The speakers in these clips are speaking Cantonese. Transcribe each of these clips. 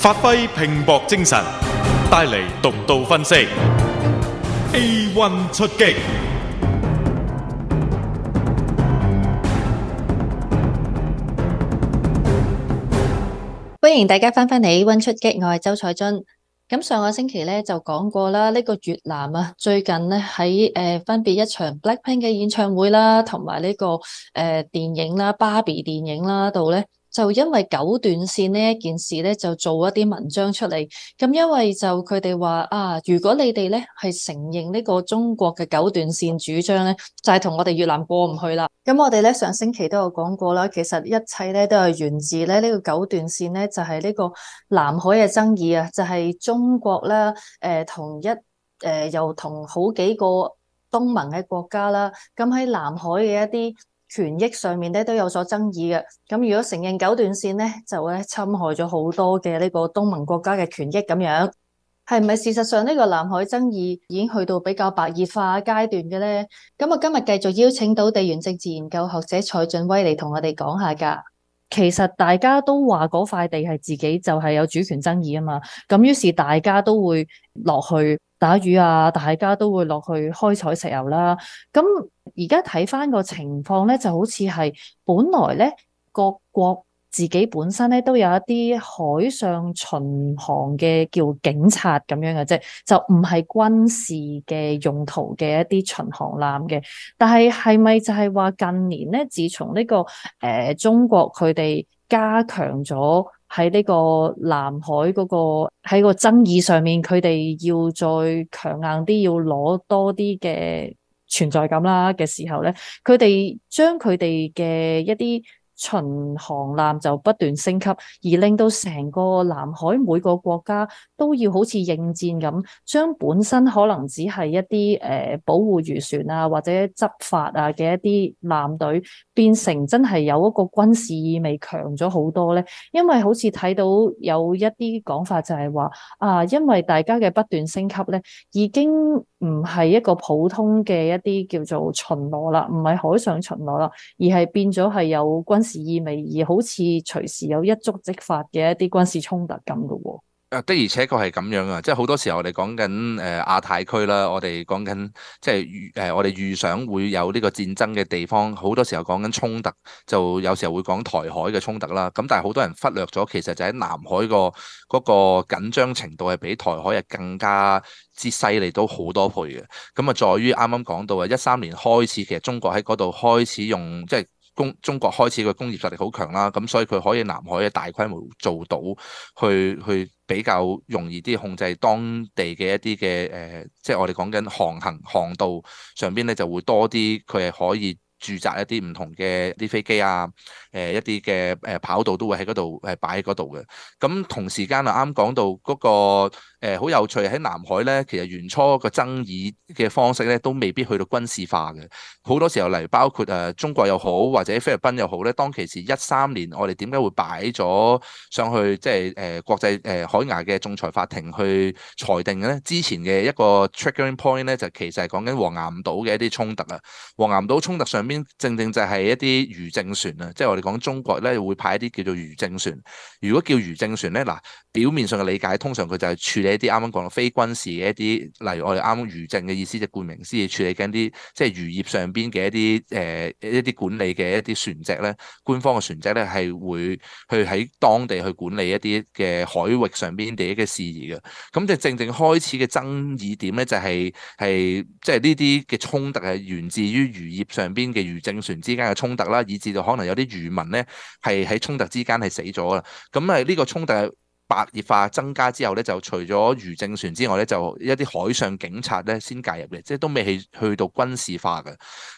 發揮拼搏精神，帶嚟獨到分析。A one 出擊，歡迎大家返返嚟 A One 出擊，我係周采蓁。咁上個星期咧就講過啦，呢個越南啊，最近咧喺誒分別一場 Blackpink 嘅演唱會啦，同埋呢個誒、呃、電影啦，《芭比》電影啦度咧。就因為九段線呢一件事咧，就做一啲文章出嚟。咁因為就佢哋話啊，如果你哋咧係承認呢個中國嘅九段線主張咧，就係同我哋越南過唔去啦。咁我哋咧上星期都有講過啦，其實一切咧都係源自咧呢個九段線咧，就係呢個南海嘅爭議啊，就係中國啦，誒同一誒又同好幾個東盟嘅國家啦，咁喺南海嘅一啲。權益上面咧都有所爭議嘅，咁如果承認九段線咧，就會咧侵害咗好多嘅呢個東盟國家嘅權益咁樣，係唔係事實上呢個南海爭議已經去到比較白熱化階段嘅咧？咁我今日繼續邀請到地緣政治研究學者蔡俊威嚟同我哋講下噶。其實大家都話嗰塊地係自己就係有主權爭議啊嘛，咁於是大家都會落去打魚啊，大家都會落去開採石油啦。咁而家睇返個情況呢，就好似係本來呢各國。自己本身咧都有一啲海上巡航嘅叫警察咁樣嘅啫，就唔係軍事嘅用途嘅一啲巡航艦嘅。但係，係咪就係話近年咧，自從呢個誒中國佢哋加強咗喺呢個南海嗰個喺個爭議上面，佢哋要再強硬啲，要攞多啲嘅存在感啦嘅時候咧，佢哋將佢哋嘅一啲。巡航艦就不斷升級，而令到成個南海每個國家都要好似應戰咁，將本身可能只係一啲誒、呃、保護漁船啊或者執法啊嘅一啲艦隊變成真係有一個軍事意味強咗好多呢。因為好似睇到有一啲講法就係話啊，因為大家嘅不斷升級呢已經。唔係一個普通嘅一啲叫做巡邏啦，唔係海上巡邏啦，而係變咗係有軍事意味，而好似隨時有一觸即發嘅一啲軍事衝突咁㗎喎。的而且確係咁樣啊！即係好多時候我哋講緊誒亞太區啦，我哋講緊即係預、呃、我哋預想會有呢個戰爭嘅地方，好多時候講緊衝突，就有時候會講台海嘅衝突啦。咁但係好多人忽略咗，其實就喺南海個嗰個緊張程度係比台海係更加之犀利到好多倍嘅。咁啊，在於啱啱講到啊，一三年開始，其實中國喺嗰度開始用即係。工中國開始嘅工業實力好強啦，咁所以佢可以南海嘅大規模做到，去去比較容易啲控制當地嘅一啲嘅誒，即係我哋講緊航行航道上邊呢就會多啲，佢係可以。駐紮一啲唔同嘅啲飛機啊，誒、呃、一啲嘅誒跑道都會喺度誒擺喺度嘅。咁同時間啊，啱講到，嗰個誒好、呃、有趣喺南海咧，其實原初個爭議嘅方式咧都未必去到軍事化嘅。好多時候嚟，包括誒、啊、中國又好或者菲律賓又好咧，當其時一三年我哋點解會擺咗上去即係誒國際誒海牙嘅仲裁法庭去裁定嘅咧？之前嘅一個 triggering point 咧就其實係講緊黃岩島嘅一啲衝突啊，黃岩島衝突上。邊正正就係一啲漁政船啊，即係我哋講中國咧會派一啲叫做漁政船。如果叫漁政船咧，嗱、呃、表面上嘅理解，通常佢就係處理一啲啱啱講嘅非軍事嘅一啲，例如我哋啱漁政嘅意思就係、冠名司，處理緊啲即係漁業上邊嘅一啲誒、呃、一啲管理嘅一啲船隻咧。官方嘅船隻咧係會去喺當地去管理一啲嘅海域上邊地嘅事宜嘅。咁就正正開始嘅爭議點咧就係係即係呢啲嘅衝突係源自於漁業上邊。嘅漁政船之間嘅衝突啦，以至到可能有啲漁民咧係喺衝突之間係死咗啦。咁誒呢個衝突係白熱化增加之後咧，就除咗漁政船之外咧，就一啲海上警察咧先介入嘅，即係都未係去到軍事化嘅。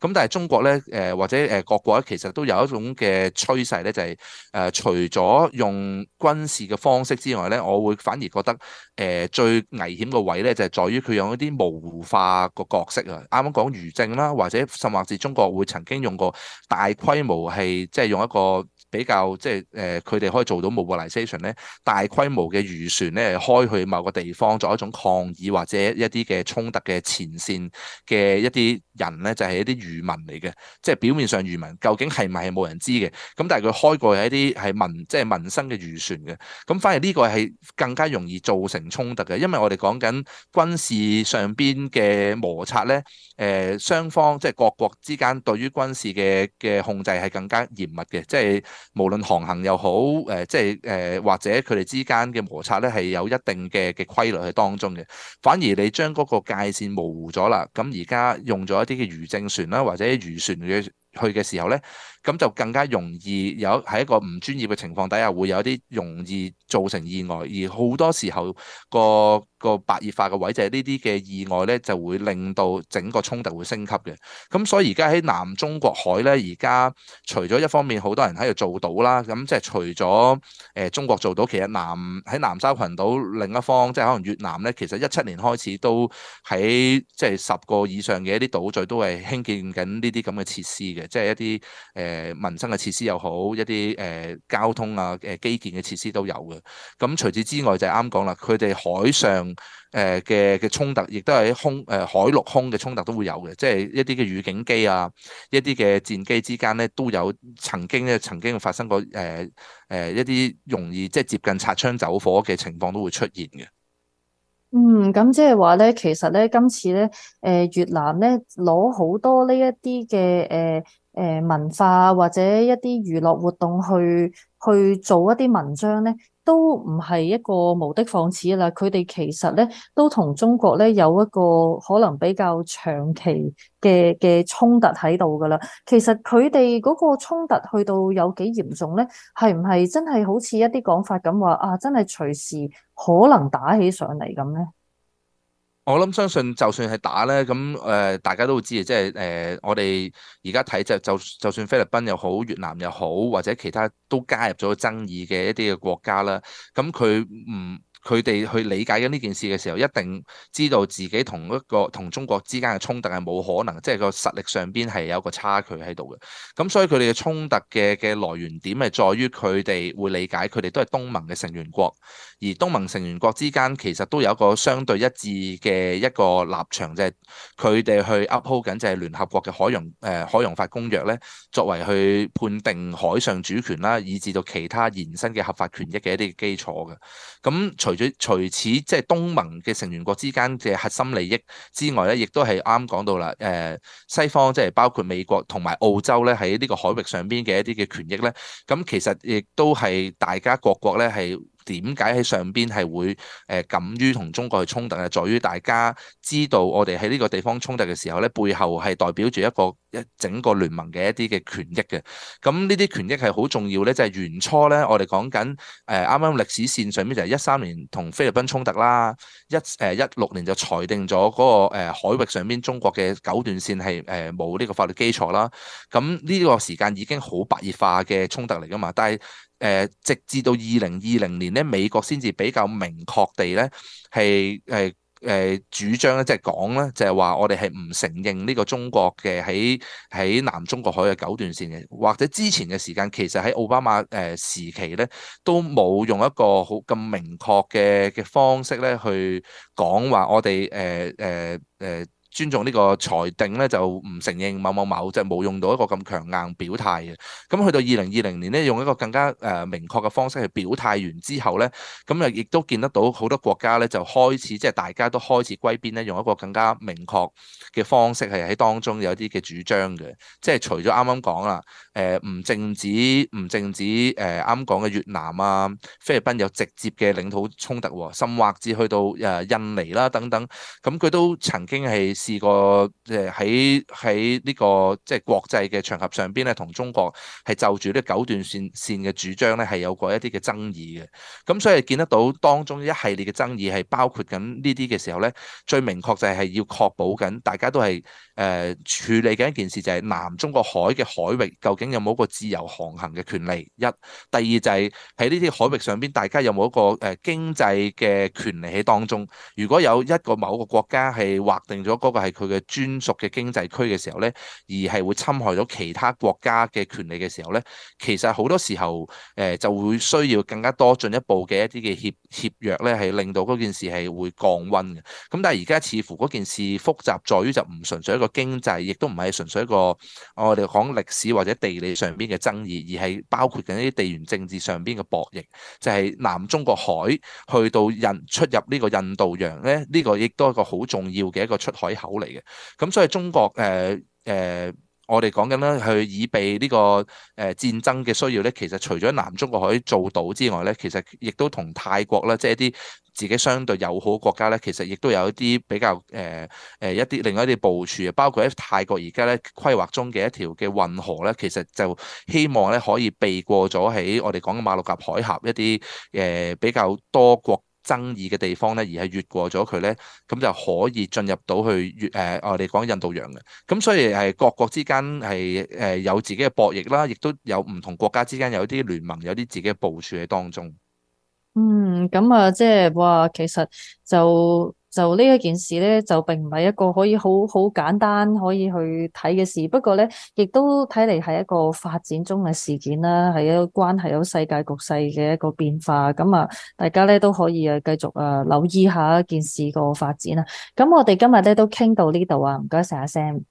咁但係中國咧，誒、呃、或者誒各國咧，其實都有一種嘅趨勢咧，就係、是、誒、呃、除咗用軍事嘅方式之外咧，我會反而覺得誒、呃、最危險個位咧，就係、是、在於佢用一啲模糊化個角色啊。啱啱講漁政啦，或者甚或是中國會曾經用過大規模係即係用一個。比較即係誒，佢、呃、哋可以做到 mobilization 咧，大規模嘅漁船咧開去某個地方作一種抗議或者一啲嘅衝突嘅前線嘅一啲人咧，就係、是、一啲漁民嚟嘅，即係表面上漁民究竟係咪係冇人知嘅？咁但係佢開過一啲係民即係民生嘅漁船嘅，咁反而呢個係更加容易造成衝突嘅，因為我哋講緊軍事上邊嘅摩擦咧，誒、呃、雙方即係各國之間對於軍事嘅嘅控制係更加嚴密嘅，即係。無論航行又好，誒即係誒或者佢哋之間嘅摩擦咧，係有一定嘅嘅規律喺當中嘅。反而你將嗰個界線模糊咗啦，咁而家用咗一啲嘅漁政船啦或者漁船嘅去嘅時候咧，咁就更加容易有喺一個唔專業嘅情況底下會有一啲容易造成意外，而好多時候、嗰個。個白熱化嘅位就係呢啲嘅意外呢，就會令到整個衝突會升級嘅。咁所以而家喺南中國海呢，而家除咗一方面好多人喺度做到啦，咁即係除咗誒中國做到，其實南喺南沙群島另一方，即係可能越南呢，其實一七年開始都喺即係十個以上嘅一啲島嶼都係興建緊呢啲咁嘅設施嘅，即係一啲誒民生嘅設施又好，一啲誒交通啊誒基建嘅設施都有嘅。咁除此之外，就係啱講啦，佢哋海上。誒嘅嘅衝突，亦都係空誒海陸空嘅衝突都會有嘅，即係一啲嘅預警機啊，一啲嘅戰機之間咧都有曾經咧，曾經發生過誒誒一啲容易即係接近擦槍走火嘅情況都會出現嘅。嗯，咁即係話咧，其實咧今次咧，誒越南咧攞好多呢一啲嘅誒誒文化或者一啲娛樂活動去。去做一啲文章咧，都唔係一個無的放矢啦。佢哋其實咧都同中國咧有一個可能比較長期嘅嘅衝突喺度噶啦。其實佢哋嗰個衝突去到有幾嚴重咧，係唔係真係好似一啲講法咁話啊？真係隨時可能打起上嚟咁咧？我諗相信，就算係打咧，咁誒、呃，大家都會知，即係誒、呃，我哋而家睇即係就就算菲律賓又好，越南又好，或者其他都加入咗爭議嘅一啲嘅國家啦，咁佢唔。佢哋去理解緊呢件事嘅時候，一定知道自己同一個同中國之間嘅衝突係冇可能，即係個實力上邊係有個差距喺度嘅。咁所以佢哋嘅衝突嘅嘅來源點係在於佢哋會理解佢哋都係東盟嘅成員國，而東盟成員國之間其實都有一個相對一致嘅一個立場，就係佢哋去 uphold 緊，就係聯合國嘅海洋誒、呃、海洋法公約咧，作為去判定海上主權啦，以至到其他延伸嘅合法權益嘅一啲基礎嘅。咁除除此，即係東盟嘅成員國之間嘅核心利益之外咧，亦都係啱講到啦。誒、呃，西方即係包括美國同埋澳洲咧，喺呢個海域上邊嘅一啲嘅權益咧，咁其實亦都係大家各國咧係。點解喺上邊係會誒敢於同中國去衝突？係在於大家知道我哋喺呢個地方衝突嘅時候咧，背後係代表住一個一整個聯盟嘅一啲嘅權益嘅。咁呢啲權益係好重要咧，就係、是、原初咧，我哋講緊誒啱啱歷史線上邊就係一三年同菲律賓衝突啦，一誒一六年就裁定咗嗰個海域上邊中國嘅九段線係誒冇呢個法律基礎啦。咁、嗯、呢、呢個時間已經好白熱化嘅衝突嚟噶嘛，但係。誒、呃，直至到二零二零年咧，美國先至比較明確地咧，係誒誒主張即係講咧，就係、是、話我哋係唔承認呢個中國嘅喺喺南中國海嘅九段線嘅。或者之前嘅時間，其實喺奧巴馬誒、呃、時期咧，都冇用一個好咁明確嘅嘅方式咧去講話我哋誒誒誒。呃呃呃尊重呢個裁定咧，就唔承認某某某，就冇、係、用到一個咁強硬表態嘅。咁、嗯、去到二零二零年咧，用一個更加誒、呃、明確嘅方式去表態完之後咧，咁又亦都見得到好多國家咧，就開始即係大家都開始歸邊咧，用一個更加明確嘅方式係喺當中有啲嘅主張嘅。即係除咗啱啱講啦，誒唔淨止唔淨止誒啱講嘅越南啊、菲律賓有直接嘅領土衝突喎、啊，甚至去到誒印尼啦等等，咁、嗯、佢都曾經係。試過誒喺喺呢個即係國際嘅場合上邊咧，同中國係就住呢九段線線嘅主張咧，係有過一啲嘅爭議嘅。咁所以見得到當中一系列嘅爭議係包括緊呢啲嘅時候咧，最明確就係要確保緊大家都係誒、呃、處理緊一件事，就係南中國海嘅海域究竟有冇一個自由航行嘅權利？一第二就係喺呢啲海域上邊，大家有冇一個誒經濟嘅權利喺當中？如果有一個某一個國家係劃定咗嗰、那個係佢嘅專屬嘅經濟區嘅時候咧，而係會侵害到其他國家嘅權利嘅時候咧，其實好多時候誒、呃、就會需要更加多進一步嘅一啲嘅協協約咧，係令到嗰件事係會降溫嘅。咁但係而家似乎嗰件事複雜在於就唔純粹一個經濟，亦都唔係純粹一個我哋講歷史或者地理上邊嘅爭議，而係包括緊一啲地緣政治上邊嘅博弈，就係、是、南中國海去到印出入呢個印度洋咧，呢、這個亦都係一個好重要嘅一個出海。口嚟嘅，咁、嗯、所以中國誒誒、呃呃、我哋講緊啦，去以備呢、這個誒、呃、戰爭嘅需要咧，其實除咗南中國可以做到之外咧，其實亦都同泰國啦，即係一啲自己相對友好國家咧，其實亦都有一啲比較誒誒、呃、一啲另外一啲部署，啊，包括喺泰國而家咧規劃中嘅一條嘅運河咧，其實就希望咧可以避過咗喺我哋講嘅馬六甲海峽一啲誒、呃、比較多國。爭議嘅地方咧，而係越過咗佢咧，咁就可以進入到去越誒，我哋講印度洋嘅。咁所以係各國之間係誒有自己嘅博弈啦，亦都有唔同國家之間有啲聯盟，有啲自己嘅部署喺當中。嗯，咁啊、就係，即係話其實就。就呢一件事咧，就並唔係一個可以好好簡單可以去睇嘅事。不過咧，亦都睇嚟係一個發展中嘅事件啦，係一個關係到世界局勢嘅一個變化。咁啊，大家咧都可以啊繼續啊留意一下一件事個發展啦。咁我哋今日咧都傾到呢度啊，唔該晒阿 Sam。